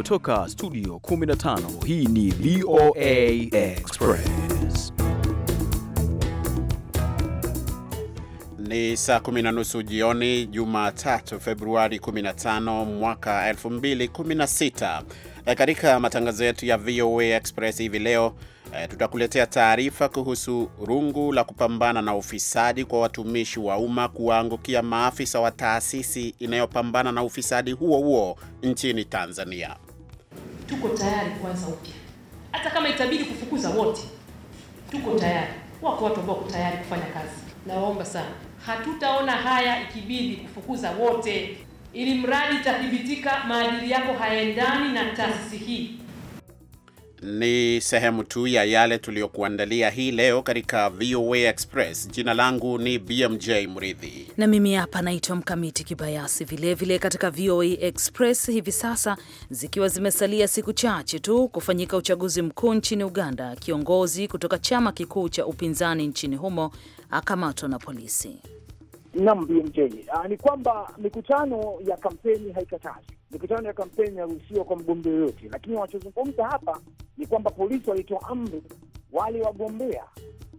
kutoka studio 15 hii ni VOA Express ni saa kumi na nusu jioni Jumatatu Februari 15 mwaka 2016 e eh, katika matangazo yetu ya VOA Express hivi leo e, tutakuletea taarifa kuhusu rungu la kupambana na ufisadi kwa watumishi wa umma kuwaangukia maafisa wa taasisi inayopambana na ufisadi huo huo nchini Tanzania tuko tayari kuanza upya, hata kama itabidi kufukuza wote, tuko tayari. Wako watu ambao tayari kufanya kazi. Nawaomba sana, hatutaona haya ikibidi kufukuza wote, ili mradi itathibitika maadili yako hayaendani na taasisi hii ni sehemu tu ya yale tuliyokuandalia hii leo katika VOA Express. Jina langu ni BMJ Mridhi na mimi hapa naitwa Mkamiti Kibayasi. Vilevile katika VOA Express hivi sasa, zikiwa zimesalia siku chache tu kufanyika uchaguzi mkuu nchini Uganda, kiongozi kutoka chama kikuu cha upinzani nchini humo akamatwa na polisi. Nam BMJ, ah, ni kwamba mikutano ya kampeni haikatazi mikutano ya kampeni inaruhusiwa kwa mgombea yoyote, lakini wanachozungumza hapa ni kwamba polisi walitoa amri wale wagombea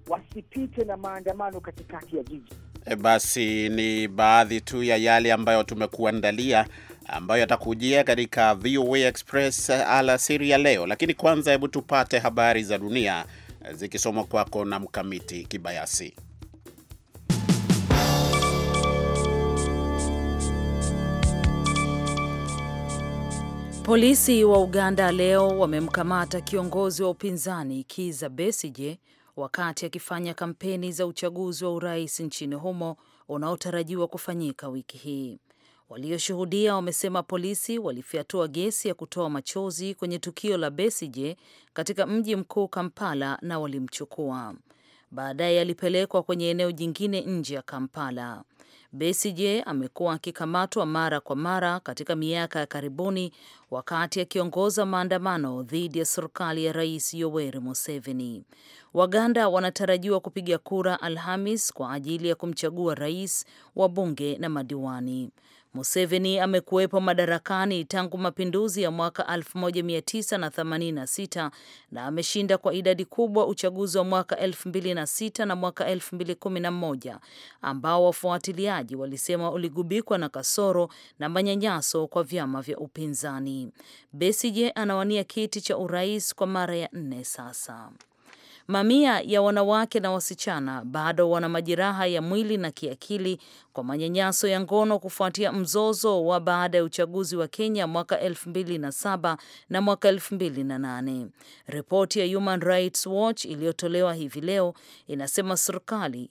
wasipite na maandamano katikati ya jiji. E, basi ni baadhi tu ya yale ambayo tumekuandalia ambayo yatakujia katika VOA Express alasiri ya leo, lakini kwanza, hebu tupate habari za dunia eh, zikisomwa kwako na Mkamiti Kibayasi. Polisi wa Uganda leo wamemkamata kiongozi wa upinzani Kiza Besije wakati akifanya kampeni za uchaguzi wa urais nchini humo unaotarajiwa kufanyika wiki hii. Walioshuhudia wamesema polisi walifyatua gesi ya kutoa machozi kwenye tukio la Besije katika mji mkuu Kampala na walimchukua. Baadaye alipelekwa kwenye eneo jingine nje ya Kampala. Besigye amekuwa akikamatwa mara kwa mara katika miaka ya karibuni wakati akiongoza maandamano dhidi ya serikali ya Rais Yoweri Museveni. Waganda wanatarajiwa kupiga kura Alhamis kwa ajili ya kumchagua rais, wabunge na madiwani. Museveni amekuwepo madarakani tangu mapinduzi ya mwaka 1986 na, na ameshinda kwa idadi kubwa uchaguzi wa mwaka 2006 na mwaka 2011 ambao wafuatiliaji walisema uligubikwa na kasoro na manyanyaso kwa vyama vya upinzani. Besigye anawania kiti cha urais kwa mara ya nne sasa. Mamia ya wanawake na wasichana bado wana majeraha ya mwili na kiakili kwa manyanyaso ya ngono kufuatia mzozo wa baada ya uchaguzi wa Kenya mwaka 2007 na mwaka 2008. Ripoti ya Human Rights Watch iliyotolewa hivi leo inasema serikali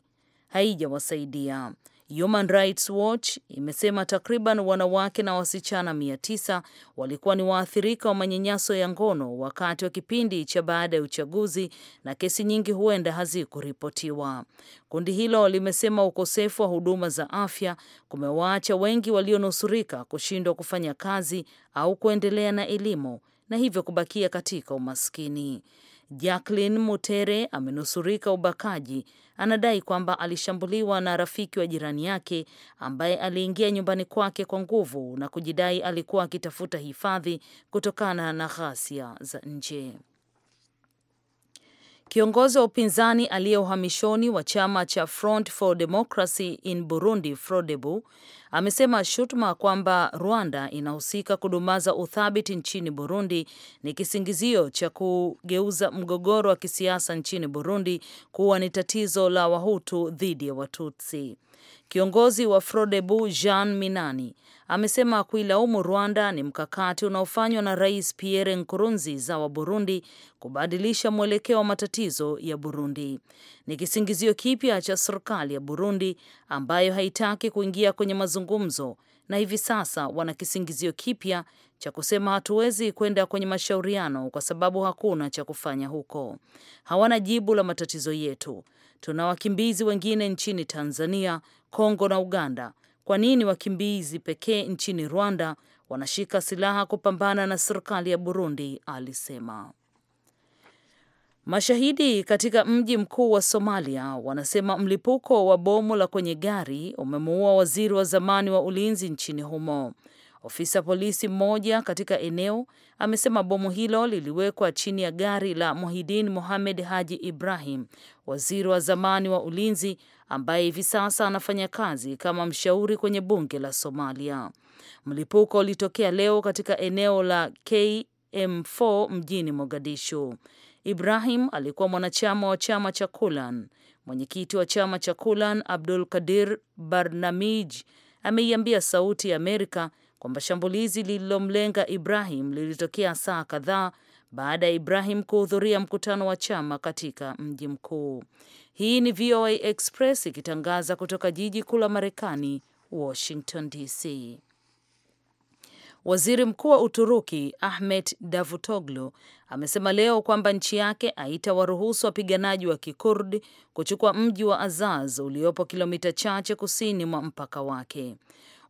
haijawasaidia. Human Rights Watch imesema takriban wanawake na wasichana mia tisa walikuwa ni waathirika wa manyanyaso ya ngono wakati wa kipindi cha baada ya uchaguzi na kesi nyingi huenda hazikuripotiwa. Kundi hilo limesema ukosefu wa huduma za afya kumewaacha wengi walionusurika kushindwa kufanya kazi au kuendelea na elimu na hivyo kubakia katika umaskini. Jacqueline Mutere amenusurika ubakaji. Anadai kwamba alishambuliwa na rafiki wa jirani yake ambaye aliingia nyumbani kwake kwa nguvu na kujidai alikuwa akitafuta hifadhi kutokana na ghasia za nje. Kiongozi wa upinzani aliye uhamishoni wa chama cha Front for Democracy in Burundi, FRODEBU, amesema shutuma kwamba Rwanda inahusika kudumaza uthabiti nchini Burundi ni kisingizio cha kugeuza mgogoro wa kisiasa nchini Burundi kuwa ni tatizo la Wahutu dhidi ya Watutsi. Kiongozi wa FRODEBU Jean Minani amesema kuilaumu Rwanda ni mkakati unaofanywa na Rais Pierre Nkurunziza wa Burundi kubadilisha mwelekeo wa matatizo ya Burundi. Ni kisingizio kipya cha serikali ya Burundi ambayo haitaki kuingia kwenye mazungumzo, na hivi sasa wana kisingizio kipya cha kusema hatuwezi kwenda kwenye mashauriano kwa sababu hakuna cha kufanya huko. Hawana jibu la matatizo yetu. Tuna wakimbizi wengine nchini Tanzania, Kongo na Uganda. Kwa nini wakimbizi pekee nchini Rwanda wanashika silaha kupambana na serikali ya Burundi? alisema. Mashahidi katika mji mkuu wa Somalia wanasema mlipuko wa bomu la kwenye gari umemuua waziri wa zamani wa ulinzi nchini humo. Ofisa polisi mmoja katika eneo amesema bomu hilo liliwekwa chini ya gari la muhidin Mohamed Haji Ibrahim, waziri wa zamani wa ulinzi ambaye hivi sasa anafanya kazi kama mshauri kwenye bunge la Somalia. Mlipuko ulitokea leo katika eneo la KM4 mjini Mogadishu. Ibrahim alikuwa mwanachama wa chama cha Kulan. Mwenyekiti wa chama cha Kulan Abdul Kadir Barnamij ameiambia Sauti ya Amerika kwamba shambulizi lililomlenga Ibrahim lilitokea saa kadhaa baada ya Ibrahim kuhudhuria mkutano wa chama katika mji mkuu. Hii ni VOA Express ikitangaza kutoka jiji kuu la Marekani, Washington DC. Waziri Mkuu wa Uturuki Ahmet Davutoglu amesema leo kwamba nchi yake haitawaruhusu wapiganaji wa Kikurdi kuchukua mji wa Azaz uliopo kilomita chache kusini mwa mpaka wake.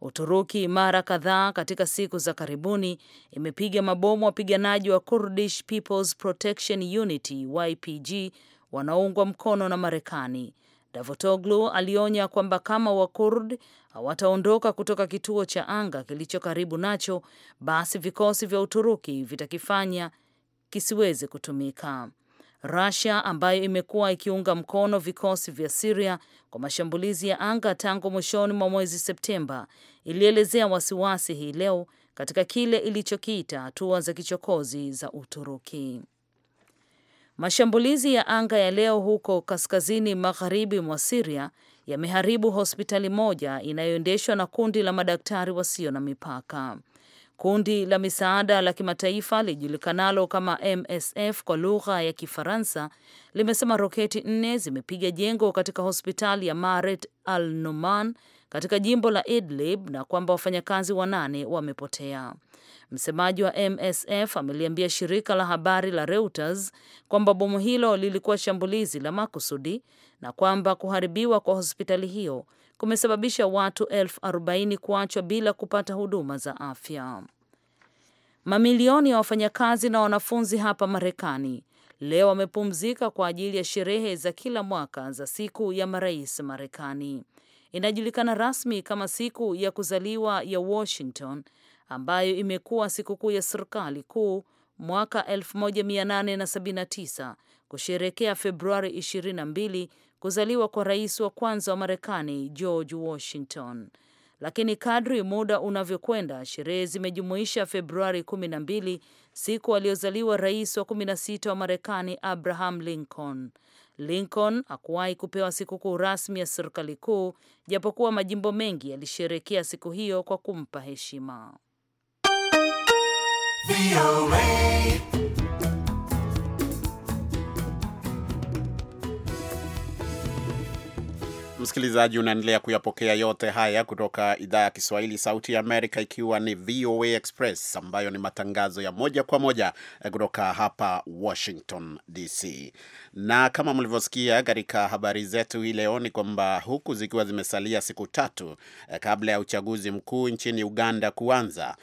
Uturuki mara kadhaa katika siku za karibuni imepiga mabomu wapiganaji wa Kurdish People's Protection Unity YPG wanaoungwa mkono na Marekani. Davutoglu alionya kwamba kama Wakurd hawataondoka kutoka kituo cha anga kilicho karibu nacho, basi vikosi vya Uturuki vitakifanya kisiweze kutumika. Russia ambayo imekuwa ikiunga mkono vikosi vya Syria kwa mashambulizi ya anga tangu mwishoni mwa mwezi Septemba ilielezea wasiwasi hii leo katika kile ilichokiita hatua za kichokozi za Uturuki. Mashambulizi ya anga ya leo huko kaskazini magharibi mwa Syria yameharibu hospitali moja inayoendeshwa na kundi la madaktari wasio na mipaka. Kundi la misaada la kimataifa lijulikanalo kama MSF kwa lugha ya Kifaransa limesema roketi nne zimepiga jengo katika hospitali ya Maret Al Numan katika jimbo la Idlib na kwamba wafanyakazi wanane wamepotea. Msemaji wa MSF ameliambia shirika la habari la Reuters kwamba bomu hilo lilikuwa shambulizi la makusudi na kwamba kuharibiwa kwa hospitali hiyo kumesababisha watu elfu arobaini kuachwa bila kupata huduma za afya. Mamilioni ya wafanyakazi na wanafunzi hapa Marekani leo wamepumzika kwa ajili ya sherehe za kila mwaka za siku ya marais Marekani. Inajulikana rasmi kama siku ya kuzaliwa ya Washington, ambayo imekuwa sikukuu ya serikali kuu mwaka 1879 kusherekea Februari 22 kuzaliwa kwa rais wa kwanza wa Marekani George Washington. Lakini kadri muda unavyokwenda, sherehe zimejumuisha Februari 12, siku aliyozaliwa rais wa 16 wa Marekani Abraham Lincoln. Lincoln hakuwahi kupewa sikukuu rasmi ya serikali kuu, japokuwa majimbo mengi yalisherekea siku hiyo kwa kumpa heshima. Msikilizaji, unaendelea kuyapokea yote haya kutoka idhaa ya Kiswahili Sauti ya Amerika, ikiwa ni VOA Express ambayo ni matangazo ya moja kwa moja eh, kutoka hapa Washington DC. Na kama mlivyosikia katika habari zetu hii leo ni kwamba huku zikiwa zimesalia siku tatu eh, kabla ya uchaguzi mkuu nchini Uganda kuanza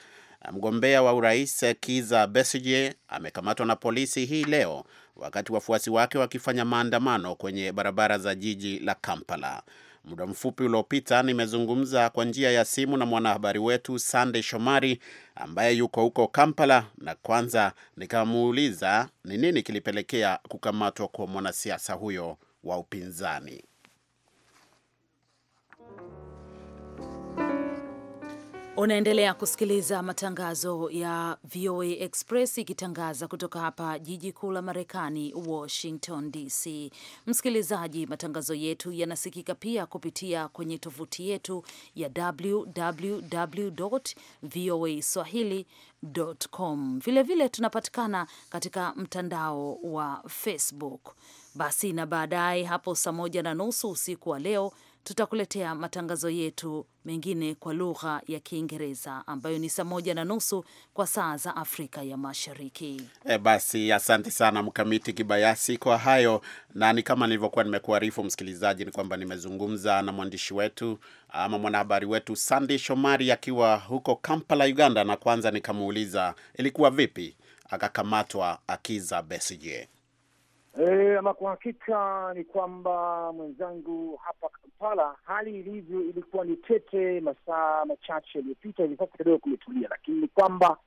Mgombea wa urais Kiza Besije amekamatwa na polisi hii leo wakati wafuasi wake wakifanya maandamano kwenye barabara za jiji la Kampala. Muda mfupi uliopita nimezungumza kwa njia ya simu na mwanahabari wetu Sande Shomari ambaye yuko huko Kampala, na kwanza nikamuuliza ni nini kilipelekea kukamatwa kwa mwanasiasa huyo wa upinzani. Unaendelea kusikiliza matangazo ya VOA Express ikitangaza kutoka hapa jiji kuu la Marekani, Washington DC. Msikilizaji, matangazo yetu yanasikika pia kupitia kwenye tovuti yetu ya www voa com. Vilevile tunapatikana katika mtandao wa Facebook. Basi na baadaye hapo saa moja na nusu usiku wa leo tutakuletea matangazo yetu mengine kwa lugha ya Kiingereza ambayo ni saa moja na nusu kwa saa za Afrika ya Mashariki. E, basi asante sana Mkamiti Kibayasi kwa hayo, na ni kama nilivyokuwa nimekuarifu msikilizaji, ni kwamba nimezungumza na mwandishi wetu ama mwanahabari wetu Sandi Shomari akiwa huko Kampala, Uganda, na kwanza nikamuuliza ilikuwa vipi akakamatwa Akiza Besigye. E, ama kwa hakika ni kwamba mwenzangu hapa Kampala hali ilivyo ilikuwa ni tete. Masaa machache yaliyopita hivi sasa kidogo kumetulia, lakini ni kwamba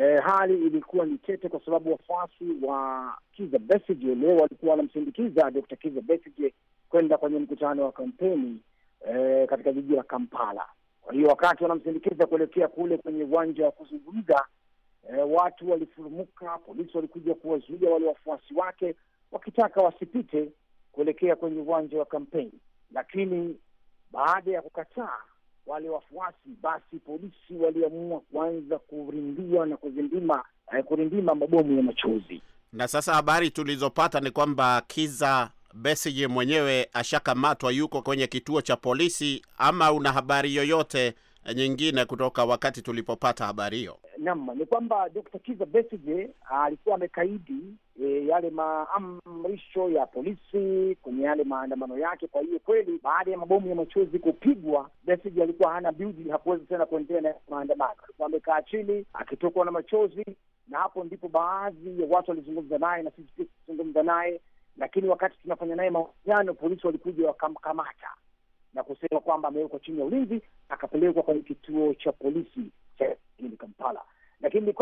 e, hali ilikuwa ni tete kwa sababu wafuasi wa Kiza Besigye leo walikuwa wanamsindikiza Dkt. Kiza Besigye kwenda kwenye mkutano wa kampeni e, katika jiji la Kampala. Kwa hiyo wakati wanamsindikiza kuelekea kule kwenye uwanja wa kuzungumza e, watu walifurumuka, polisi walikuja kuwazuia wale wafuasi wake wakitaka wasipite kuelekea kwenye uwanja wa kampeni, lakini baada ya kukataa wale wafuasi, basi polisi waliamua kuanza kurindua na kuzindima eh, kurindima mabomu ya machozi. Na sasa habari tulizopata ni kwamba Kiza Besigye mwenyewe ashakamatwa, yuko kwenye kituo cha polisi. Ama una habari yoyote nyingine kutoka wakati tulipopata habari hiyo? Naam, ni kwamba Dr. Kiza Besigye alikuwa amekaidi e, yale maamrisho ya polisi kwenye yale maandamano yake. Kwa hiyo kweli, baada ya mabomu ya machozi kupigwa, Besigye alikuwa hana budi, hakuweza tena kuendelea na maandamano. Alikuwa amekaa chini akitokwa na machozi, na hapo ndipo baadhi ya watu walizungumza naye na sisi pia tuzungumza naye, lakini wakati tunafanya naye mahojiano, polisi walikuja wakamkamata na kusema kwamba amewekwa chini ya ulinzi, akapelekwa kwenye kituo cha polisi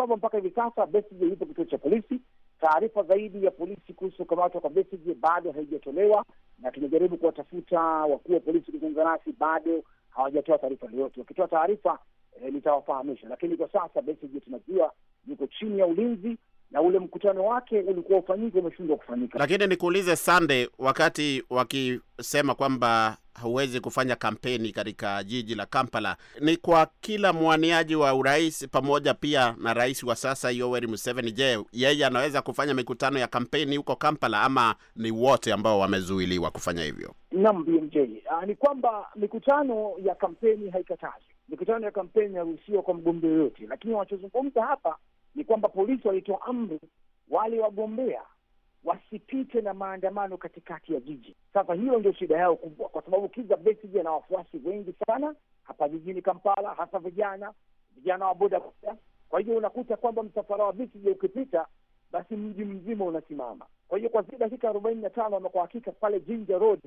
kwamba mpaka hivi sasa Besigye yupo kituo cha polisi. Taarifa zaidi ya polisi kuhusu kukamatwa kwa Besigye bado haijatolewa, na tumejaribu kuwatafuta wakuu wa polisi kuzungumza nasi, bado hawajatoa taarifa yoyote. Wakitoa taarifa eh, nitawafahamisha, lakini kwa sasa Besigye tunajua yuko chini ya ulinzi na ule mkutano wake ulikuwa ufanyike, umeshindwa kufanyika. Lakini nikuulize Sande, wakati wakisema kwamba huwezi kufanya kampeni katika jiji la Kampala, ni kwa kila mwaniaji wa urais pamoja pia na rais wa sasa Yoweri Museveni. Je, yeye anaweza kufanya mikutano ya kampeni huko Kampala ama ni wote ambao wamezuiliwa kufanya hivyo? Naam, BMJ, ah, ni kwamba mikutano ya kampeni haikatazwi, mikutano ya kampeni inaruhusiwa kwa mgombea yoyote, lakini wanachozungumza hapa ni kwamba polisi walitoa amri wale wagombea wasipite na maandamano katikati ya jiji. Sasa hiyo ndio shida yao kubwa, kwa sababu Kizza Besigye ana wafuasi wengi sana hapa jijini Kampala, hasa vijana vijana wa bodaboda. Kwa hiyo unakuta kwamba msafara wa Besigye ukipita, basi mji mzima unasimama. Kwa hiyo kwa zile dakika arobaini na tano ama kwa hakika pale Jinja Road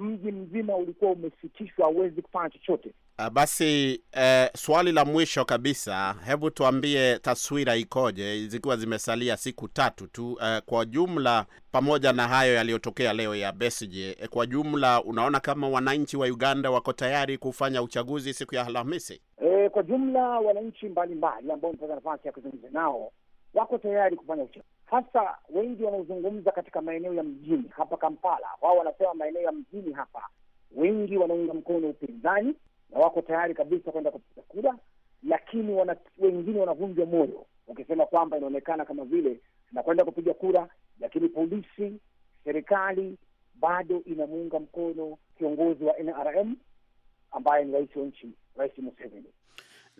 mji mzima ulikuwa umesitishwa, hauwezi kufanya chochote. Ah, basi eh, swali la mwisho kabisa, hebu tuambie taswira ikoje zikiwa zimesalia siku tatu tu eh, kwa jumla, pamoja na hayo yaliyotokea leo ya Besigye eh, kwa jumla, unaona kama wananchi wa Uganda wako tayari kufanya uchaguzi siku ya Alhamisi? Eh, kwa jumla wananchi mbalimbali ambao nipata nafasi ya kuzungumza nao wako tayari kufanya uchaguzi. Sasa wengi wanaozungumza katika maeneo ya mjini hapa Kampala, wao wanasema maeneo ya mjini hapa wengi wanaunga mkono upinzani na wako tayari kabisa kwenda kupiga kura, lakini wana, wengine wanavunjwa moyo wakisema kwamba inaonekana kama vile tunakwenda kupiga kura, lakini polisi, serikali bado inamuunga mkono kiongozi wa NRM ambaye ni rais wa nchi, Rais Museveni.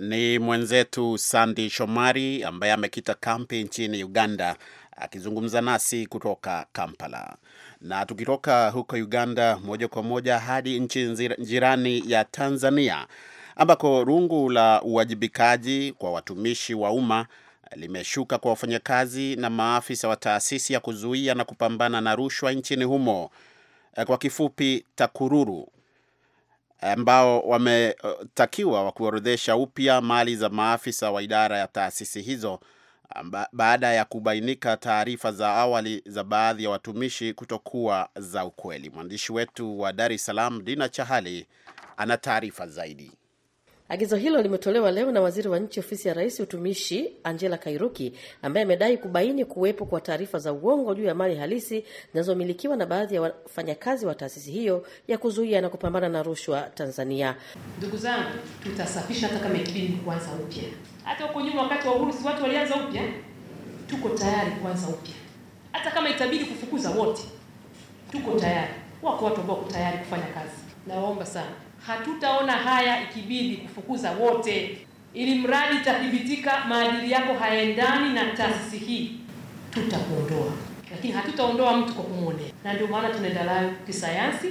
Ni mwenzetu Sandi Shomari ambaye amekita kampi nchini Uganda akizungumza nasi kutoka Kampala. Na tukitoka huko Uganda moja kwa moja hadi nchi jirani ya Tanzania ambako rungu la uwajibikaji kwa watumishi wa umma limeshuka kwa wafanyakazi na maafisa wa taasisi ya kuzuia na kupambana na rushwa nchini humo, kwa kifupi TAKURURU, ambao wametakiwa wa kuorodhesha upya mali za maafisa wa idara ya taasisi hizo baada ya kubainika taarifa za awali za baadhi ya watumishi kutokuwa za ukweli. Mwandishi wetu wa Dar es Salaam Dina Chahali ana taarifa zaidi. Agizo hilo limetolewa leo na waziri wa nchi ofisi ya rais utumishi, Angela Kairuki, ambaye amedai kubaini kuwepo kwa taarifa za uongo juu ya mali halisi zinazomilikiwa na baadhi ya wafanyakazi wa taasisi hiyo ya kuzuia na kupambana na rushwa Tanzania. Ndugu zangu, tutasafisha hata kama ikibidi kuanza upya. Hata huko nyuma wakati wa uhuru si watu walianza upya? Tuko tayari kuanza upya, hata kama itabidi kufukuza wote, tuko tayari. Wako watu ambao wako tayari kufanya kazi. Nawaomba sana Hatutaona haya ikibidi kufukuza wote, ili mradi itathibitika maadili yako haendani na taasisi hii, tutakuondoa, lakini hatutaondoa mtu kwa kumwonea. Na ndio maana tunaenda nayo kisayansi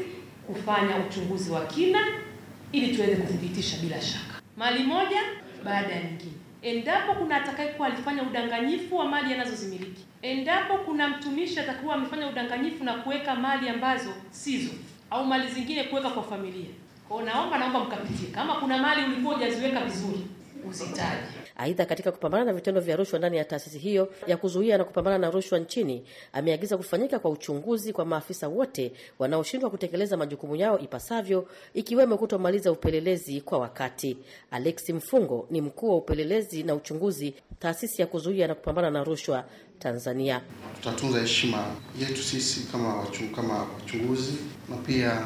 kufanya uchunguzi wa kina, ili tuweze kuthibitisha bila shaka, mali moja baada ya nyingine. Endapo kuna atakayekuwa alifanya udanganyifu wa mali anazozimiliki, endapo kuna mtumishi atakuwa amefanya udanganyifu na kuweka mali ambazo sizo au mali zingine kuweka kwa familia kwa naomba naomba mkapitie, kama kuna mali ulikuwa hujaziweka vizuri usitaje. Aidha, katika kupambana na vitendo vya rushwa ndani ya taasisi hiyo ya kuzuia na kupambana na rushwa nchini, ameagiza kufanyika kwa uchunguzi kwa maafisa wote wanaoshindwa kutekeleza majukumu yao ipasavyo, ikiwemo kutomaliza upelelezi kwa wakati. Alexi Mfungo ni mkuu wa upelelezi na uchunguzi, taasisi ya kuzuia na kupambana na rushwa Tanzania. Tutatunza heshima yetu sisi kama wachunguzi na pia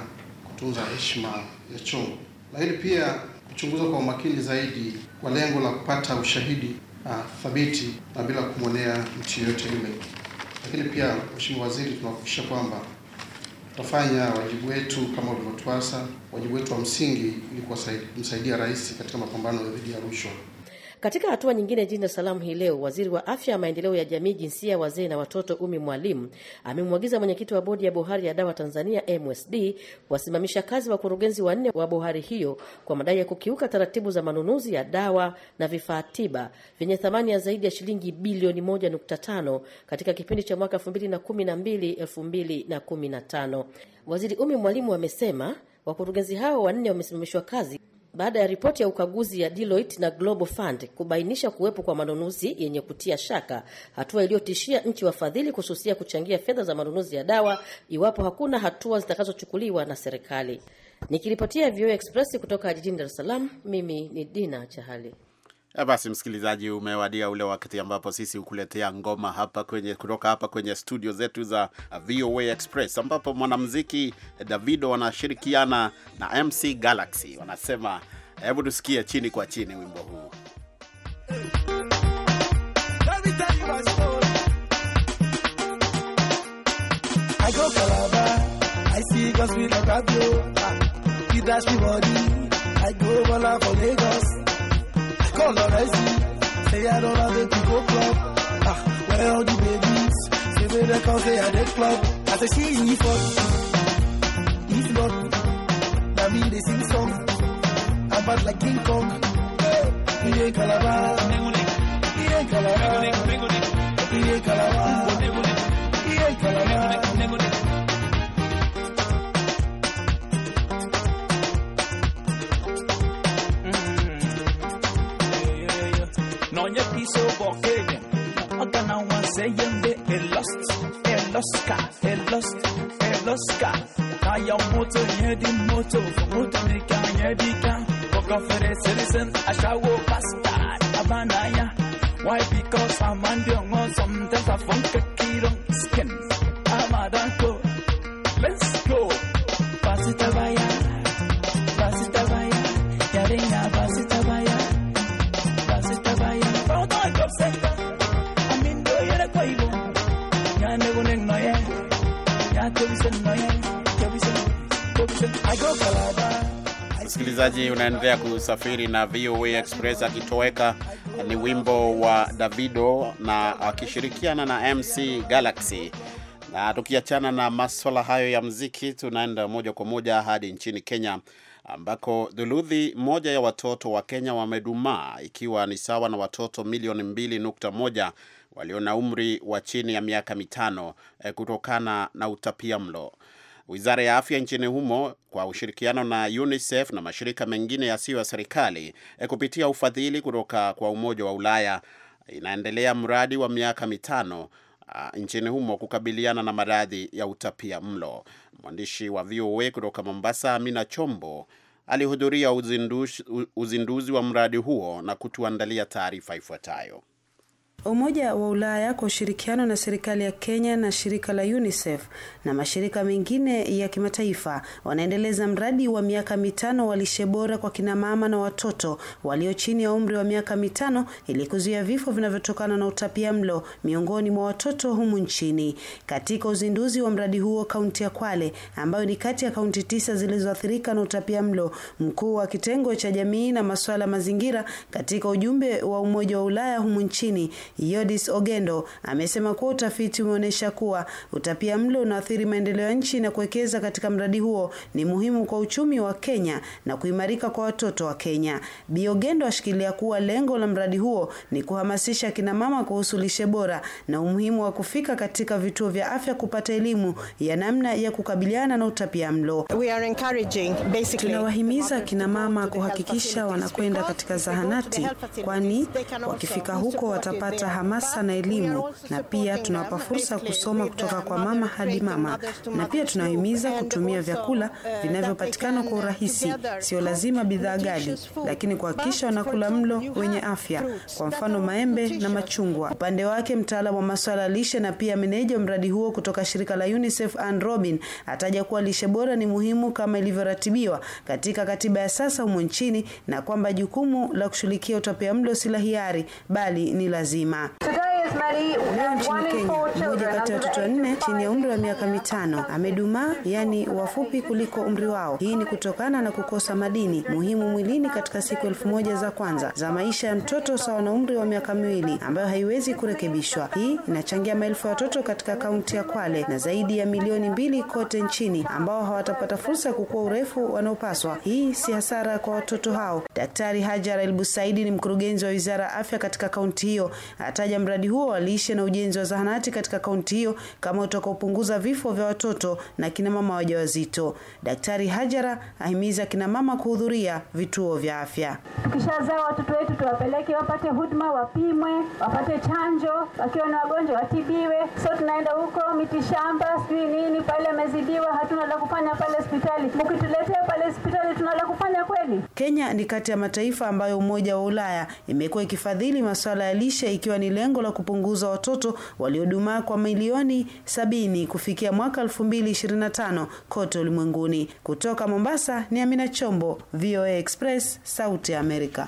kutunza heshima ya chungu, lakini pia kuchunguza kwa umakini zaidi kwa lengo la kupata ushahidi uh, thabiti na bila kumwonea mtu yoyote yule. Lakini pia Mheshimiwa Waziri, tunahakikisha kwamba tutafanya wajibu wetu kama ulivyotuasa, wajibu wetu wa msingi ili kumsaidia rais katika mapambano dhidi ya rushwa. Katika hatua nyingine, jijini Dar es Salaam hii leo, waziri wa afya ya maendeleo ya jamii, jinsia, wazee na watoto, Umi Mwalimu, amemwagiza mwenyekiti wa bodi ya bohari ya dawa Tanzania MSD kuwasimamisha kazi wakurugenzi wanne wa bohari hiyo kwa madai ya kukiuka taratibu za manunuzi ya dawa na vifaa tiba vyenye thamani ya zaidi ya shilingi bilioni 1.5 katika kipindi cha mwaka 2012 2015. Waziri Umi Mwalimu amesema wakurugenzi hao wanne wamesimamishwa kazi baada ya ripoti ya ukaguzi ya Deloitte na Global Fund kubainisha kuwepo kwa manunuzi yenye kutia shaka, hatua iliyotishia nchi wafadhili kususia kuchangia fedha za manunuzi ya dawa iwapo hakuna hatua zitakazochukuliwa na serikali. Nikiripotia VOA Express kutoka jijini Dar es Salaam, mimi ni Dina Chahali. Basi msikilizaji, umewadia ule wakati ambapo sisi hukuletea ngoma hapa kwenye kutoka hapa kwenye studio zetu za VOA Express, ambapo mwanamuziki Davido wanashirikiana na MC Galaxy wanasema, hebu tusikie chini kwa chini wimbo huu. I go colores. Say I don't have to go club. Ah, where are the babies? Say where they come, say I the club. I say she in the fuck. This blood. Now me they sing song. I bad like King Kong. Hey, he ain't Calabar. He ain't Calabar. He ain't Calabar. He ain't Calabar. lost, lost, Sayende elust, eluska, elust, eluska. Kayan moto yedi moto, moto mika yebika. Kokofere citizen, ashawo bastard, abanaya. Why? Because I'm under one, sometimes I funk a kilo. msikilizaji, unaendelea kusafiri na VOA Express. Akitoweka ni wimbo wa Davido na akishirikiana na MC Galaxy. Na tukiachana na maswala hayo ya mziki, tunaenda moja kwa moja hadi nchini Kenya ambako thuluthi moja ya watoto wa Kenya wamedumaa, ikiwa ni sawa na watoto milioni 21 walio na umri wa chini ya miaka mitano eh, kutokana na utapia mlo. Wizara ya afya nchini humo kwa ushirikiano na UNICEF na mashirika mengine yasiyo ya serikali eh, kupitia ufadhili kutoka kwa Umoja wa Ulaya inaendelea mradi wa miaka mitano ah, nchini humo kukabiliana na maradhi ya utapia mlo. Mwandishi wa VOA kutoka Mombasa, Amina Chombo, alihudhuria uzinduzi wa mradi huo na kutuandalia taarifa ifuatayo. Umoja wa Ulaya kwa ushirikiano na serikali ya Kenya na shirika la UNICEF na mashirika mengine ya kimataifa wanaendeleza mradi wa miaka mitano wa lishe bora kwa kina mama na watoto walio chini ya umri wa miaka mitano ili kuzuia vifo vinavyotokana na utapia mlo miongoni mwa watoto humu nchini. Katika uzinduzi wa mradi huo kaunti ya Kwale ambayo ni kati ya kaunti tisa zilizoathirika na utapia mlo, mkuu wa kitengo cha jamii na masuala mazingira katika ujumbe wa Umoja wa Ulaya humu nchini yodis Ogendo amesema kuwa utafiti umeonyesha kuwa utapia mlo unaathiri maendeleo ya nchi na kuwekeza katika mradi huo ni muhimu kwa uchumi wa Kenya na kuimarika kwa watoto wa Kenya. Bi Ogendo ashikilia kuwa lengo la mradi huo ni kuhamasisha kina mama kuhusu lishe bora na umuhimu wa kufika katika vituo vya afya kupata elimu ya namna ya kukabiliana na utapia mlo. Tunawahimiza kina mama kuhakikisha wanakwenda katika zahanati, kwani wakifika huko watapata tunapata hamasa na elimu, na pia tunawapa fursa ya kusoma kutoka kwa mama hadi mama, na pia tunahimiza kutumia vyakula vinavyopatikana kwa urahisi, sio lazima bidhaa ghali, lakini kuhakikisha wanakula mlo wenye afya, kwa mfano maembe na machungwa. Upande wake mtaalamu wa maswala lishe na pia meneja mradi huo kutoka shirika la UNICEF Anne Robin ataja kuwa lishe bora ni muhimu kama ilivyoratibiwa katika katiba ya sasa humo nchini na kwamba jukumu la kushughulikia mlo si la hiari bali ni lazima mama. Leo nchini Kenya, mmoja kati ya watoto wanne chini ya umri wa miaka mitano amedumaa, yaani wafupi kuliko umri wao. Hii ni kutokana na kukosa madini muhimu mwilini katika siku elfu moja za kwanza za maisha ya mtoto sawa na umri wa miaka miwili, ambayo haiwezi kurekebishwa. Hii inachangia maelfu ya watoto katika kaunti ya Kwale na zaidi ya milioni mbili kote nchini ambao hawatapata fursa ya kukua urefu wanaopaswa. Hii si hasara kwa watoto hao. Daktari Hajar Elbusaidi ni mkurugenzi wa wizara ya afya katika kaunti hiyo. Ataja mradi huo wa lishe na ujenzi wa zahanati katika kaunti hiyo kama utakaopunguza vifo vya watoto na kinamama wajawazito. Daktari Hajara ahimiza kinamama kuhudhuria vituo vya afya. Tukishazaa watoto wetu tuwapeleke wapate huduma, wapimwe, wapate chanjo, wakiwa na wagonjwa watibiwe. So tunaenda huko miti shamba, sijui nini pale, amezidiwa, hatuna la kufanya pale hospitali. Mkituletea pale hospitali, tuna la kufanya kweli? Kenya ni kati ya mataifa ambayo Umoja wa Ulaya imekuwa ikifadhili masuala ya lishe ikiwa ikiwa ni lengo la kupunguza watoto waliodumaa kwa milioni sabini kufikia mwaka 2025 kote ulimwenguni. Kutoka Mombasa ni Amina Chombo, VOA Express, Sauti ya Amerika.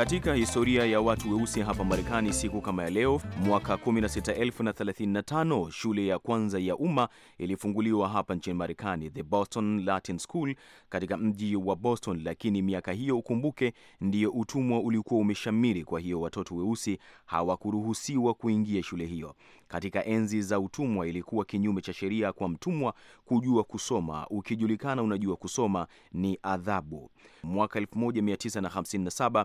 Katika historia ya watu weusi hapa Marekani, siku kama ya leo mwaka 16035 shule ya kwanza ya umma ilifunguliwa hapa nchini Marekani, the Boston Latin School katika mji wa Boston. Lakini miaka hiyo, ukumbuke, ndiyo utumwa ulikuwa umeshamiri. Kwa hiyo watoto weusi hawakuruhusiwa kuingia shule hiyo. Katika enzi za utumwa, ilikuwa kinyume cha sheria kwa mtumwa kujua kusoma. Ukijulikana unajua kusoma, ni adhabu. Mwaka 1957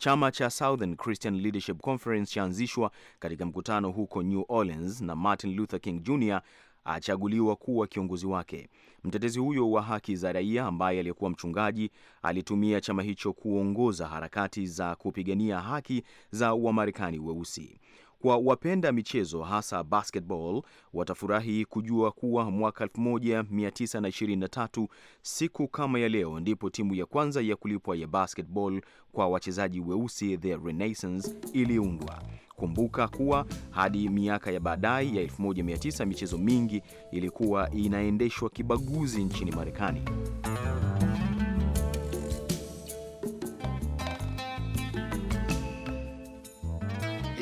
Chama cha Southern Christian Leadership Conference chaanzishwa katika mkutano huko New Orleans na Martin Luther King Jr achaguliwa kuwa kiongozi wake. Mtetezi huyo wa haki za raia ambaye aliyekuwa mchungaji alitumia chama hicho kuongoza harakati za kupigania haki za Wamarekani weusi. Kwa wapenda michezo hasa basketball, watafurahi kujua kuwa mwaka 1923 siku kama ya leo ndipo timu ya kwanza ya kulipwa ya basketball kwa wachezaji weusi the Renaissance iliundwa. Kumbuka kuwa hadi miaka ya baadaye ya 1900 michezo mingi ilikuwa inaendeshwa kibaguzi nchini Marekani.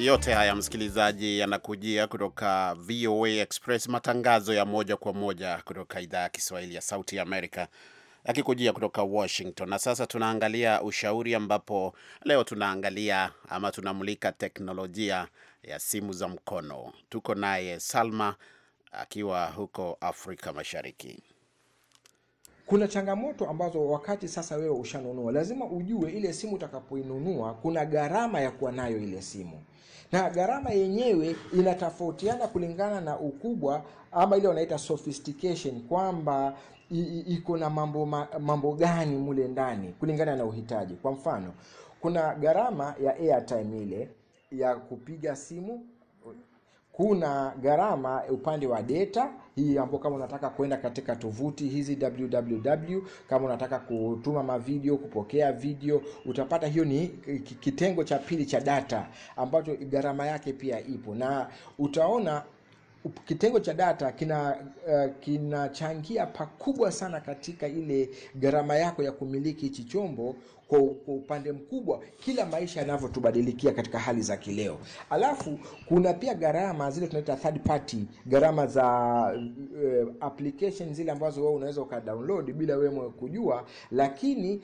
Yote haya msikilizaji, yanakujia kutoka VOA Express, matangazo ya moja kwa moja kutoka idhaa ya Kiswahili ya Sauti ya Amerika yakikujia kutoka Washington. Na sasa tunaangalia ushauri, ambapo leo tunaangalia ama tunamulika teknolojia ya simu za mkono. Tuko naye Salma akiwa huko Afrika Mashariki kuna changamoto ambazo wakati sasa wewe ushanunua, lazima ujue ile simu utakapoinunua kuna gharama ya kuwa nayo ile simu, na gharama yenyewe inatofautiana kulingana na ukubwa ama ile wanaita sophistication, kwamba iko na mambo, mambo gani mule ndani kulingana na uhitaji. Kwa mfano, kuna gharama ya airtime ile ya kupiga simu kuna gharama upande wa data hii ambapo kama unataka kwenda katika tovuti hizi www, kama unataka kutuma mavideo, kupokea video, utapata hiyo. Ni kitengo cha pili cha data ambacho gharama yake pia ipo, na utaona kitengo cha data kina uh, kinachangia pakubwa sana katika ile gharama yako ya kumiliki hichi chombo kwa, kwa upande mkubwa kila maisha yanavyotubadilikia katika hali za kileo alafu kuna pia gharama zile tunaita third party gharama za uh, application zile ambazo wewe unaweza ukadownload bila wewe kujua lakini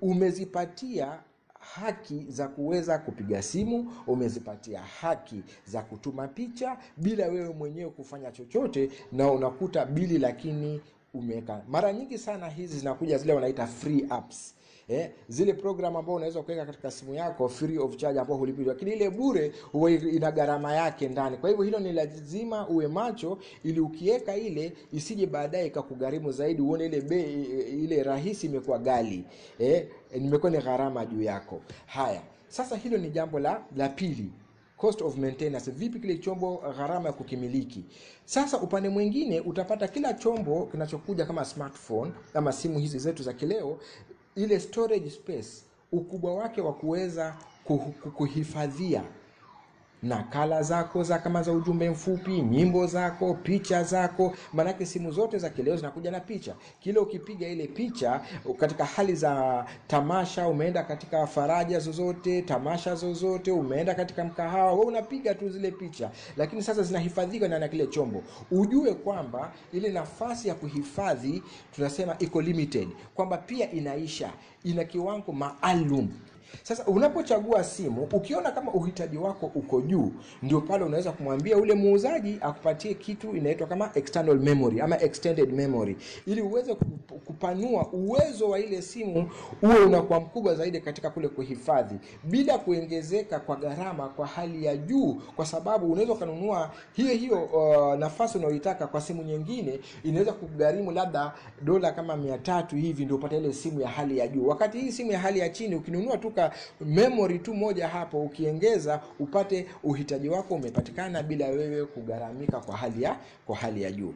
umezipatia haki za kuweza kupiga simu, umezipatia haki za kutuma picha bila wewe mwenyewe kufanya chochote, na unakuta bili lakini umeweka. Mara nyingi sana hizi zinakuja zile wanaita free apps eh, zile program ambao unaweza kuweka katika simu yako free of charge ambao hulipi, lakini ile bure huwa ina gharama yake ndani. Kwa hivyo hilo ni lazima uwe macho, ili ukiweka ile isije baadaye ikakugharimu zaidi, uone ile be, ile rahisi imekuwa gali eh, nimekuwa ni gharama juu yako. Haya, sasa hilo ni jambo la la pili cost of maintenance, vipi kile chombo gharama ya kukimiliki. Sasa upande mwingine utapata kila chombo kinachokuja kama smartphone kama simu hizi zetu za kileo ile storage space ukubwa wake wa kuweza kuhifadhia nakala zako za kama za ujumbe mfupi nyimbo zako picha zako maanake simu zote za kileo zinakuja na picha kile ukipiga ile picha katika hali za tamasha umeenda katika faraja zozote tamasha zozote umeenda katika mkahawa we unapiga tu zile picha lakini sasa zinahifadhika na kile chombo ujue kwamba ile nafasi ya kuhifadhi tunasema iko limited kwamba pia inaisha ina kiwango maalum sasa unapochagua simu, ukiona kama uhitaji wako uko juu, ndio pale unaweza kumwambia ule muuzaji akupatie kitu inaitwa kama external memory ama extended memory, ili uweze kupanua uwezo wa ile simu uwe unakuwa mkubwa zaidi katika kule kuhifadhi, bila kuongezeka kwa gharama kwa hali ya juu, kwa sababu unaweza ukanunua hiyo hiyo uh, nafasi unayoitaka kwa simu nyingine, inaweza kugharimu labda dola kama mia tatu hivi ndio upate ile simu ya hali ya juu, wakati hii simu ya hali ya chini ukinunua tu kutoka memory tu moja hapo ukiengeza upate uhitaji wako umepatikana bila wewe kugharamika kwa hali ya kwa hali ya juu.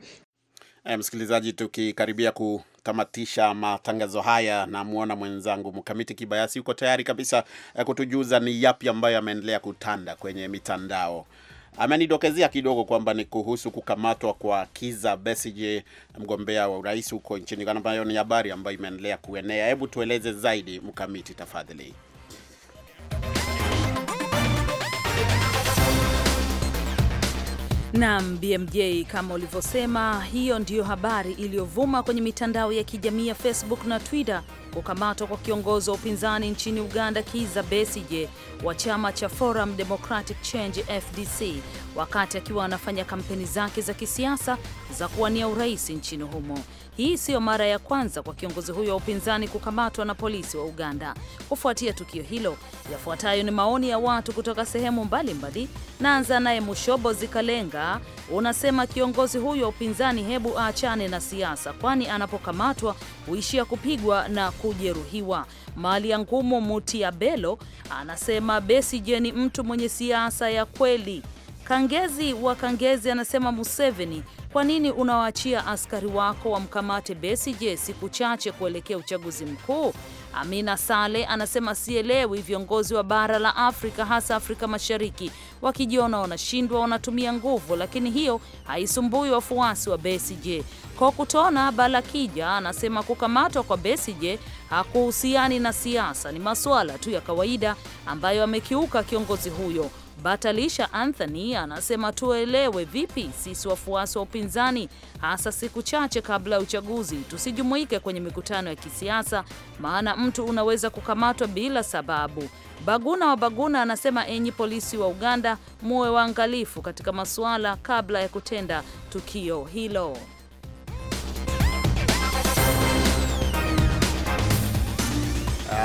E, msikilizaji, tukikaribia kutamatisha matangazo haya, namwona mwenzangu Mkamiti Kibayasi yuko tayari kabisa eh, kutujuza ni yapi ambayo ameendelea kutanda kwenye mitandao. Amenidokezea kidogo kwamba ni kuhusu kukamatwa kwa Kiza Besije, mgombea wa urais huko nchini ambayo ni habari ambayo imeendelea kuenea. Hebu tueleze zaidi Mkamiti, tafadhali. Naam, BMJ, kama ulivyosema, hiyo ndiyo habari iliyovuma kwenye mitandao ya kijamii ya Facebook na Twitter kukamatwa kwa kiongozi wa upinzani nchini Uganda Kizza Besigye wa chama cha Forum Democratic Change FDC wakati akiwa anafanya kampeni zake za kisiasa za kuwania urais nchini humo. Hii siyo mara ya kwanza kwa kiongozi huyo wa upinzani kukamatwa na polisi wa Uganda. Kufuatia tukio hilo, yafuatayo ni maoni ya watu kutoka sehemu mbalimbali. Naanza naye Mushobo Zikalenga, unasema kiongozi huyo wa upinzani, hebu aachane na siasa, kwani anapokamatwa huishia kupigwa na kujeruhiwa. Mali ya Ngumo Belo anasema Besigye ni mtu mwenye siasa ya kweli. Kangezi wa Kangezi anasema Museveni, kwa nini unawaachia askari wako wamkamate Besigye siku chache kuelekea uchaguzi mkuu? Amina Sale anasema sielewi, viongozi wa bara la Afrika hasa Afrika Mashariki wakijiona wanashindwa, wanatumia nguvu, lakini hiyo haisumbui wafuasi wa Besigye. Kokutona Balakija anasema kukamatwa kwa Besigye hakuhusiani na siasa, ni masuala tu ya kawaida ambayo amekiuka kiongozi huyo. Batalisha Anthony anasema tuelewe vipi sisi wafuasi wa upinzani, hasa siku chache kabla ya uchaguzi, tusijumuike kwenye mikutano ya kisiasa, maana mtu unaweza kukamatwa bila sababu. Baguna wa Baguna anasema enyi polisi wa Uganda, muwe waangalifu katika masuala kabla ya kutenda tukio hilo.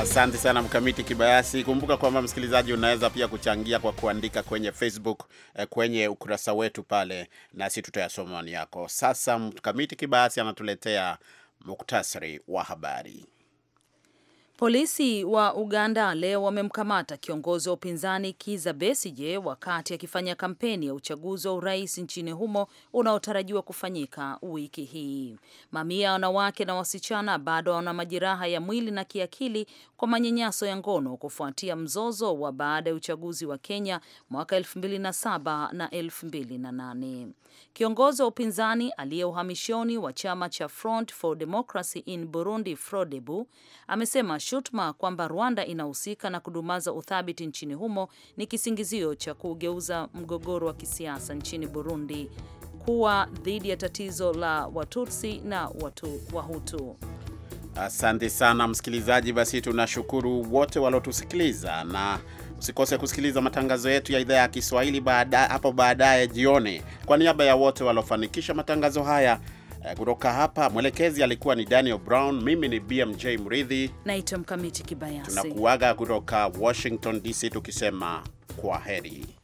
Asante sana Mkamiti Kibayasi. Kumbuka kwamba msikilizaji, unaweza pia kuchangia kwa kuandika kwenye Facebook, eh, kwenye ukurasa wetu pale, nasi tutayasoma maoni yako. Sasa Mkamiti Kibayasi anatuletea muktasari wa habari. Polisi wa Uganda leo wamemkamata kiongozi wa upinzani Kiza Besije wakati akifanya kampeni ya uchaguzi wa urais nchini humo unaotarajiwa kufanyika wiki hii. Mamia ya wanawake na wasichana bado wana majeraha ya mwili na kiakili kwa manyanyaso ya ngono kufuatia mzozo wa baada ya uchaguzi wa Kenya mwaka 2007 na 2008. Kiongozi wa upinzani aliye uhamishoni wa chama cha Front for Democracy in Burundi, Frodebu, amesema shutuma kwamba Rwanda inahusika na kudumaza uthabiti nchini humo ni kisingizio cha kugeuza mgogoro wa kisiasa nchini Burundi kuwa dhidi ya tatizo la Watutsi na watu, Wahutu. Asante sana msikilizaji. Basi tunashukuru wote waliotusikiliza, na usikose kusikiliza matangazo yetu ya idhaa ya Kiswahili baada, hapo baadaye jioni. Kwa niaba ya wote waliofanikisha matangazo haya Eh, kutoka hapa mwelekezi alikuwa ni Daniel Brown, mimi ni BMJ Mridhi, naitwa Mkamiti Kibayasi. Tunakuaga kutoka Washington DC tukisema kwa heri.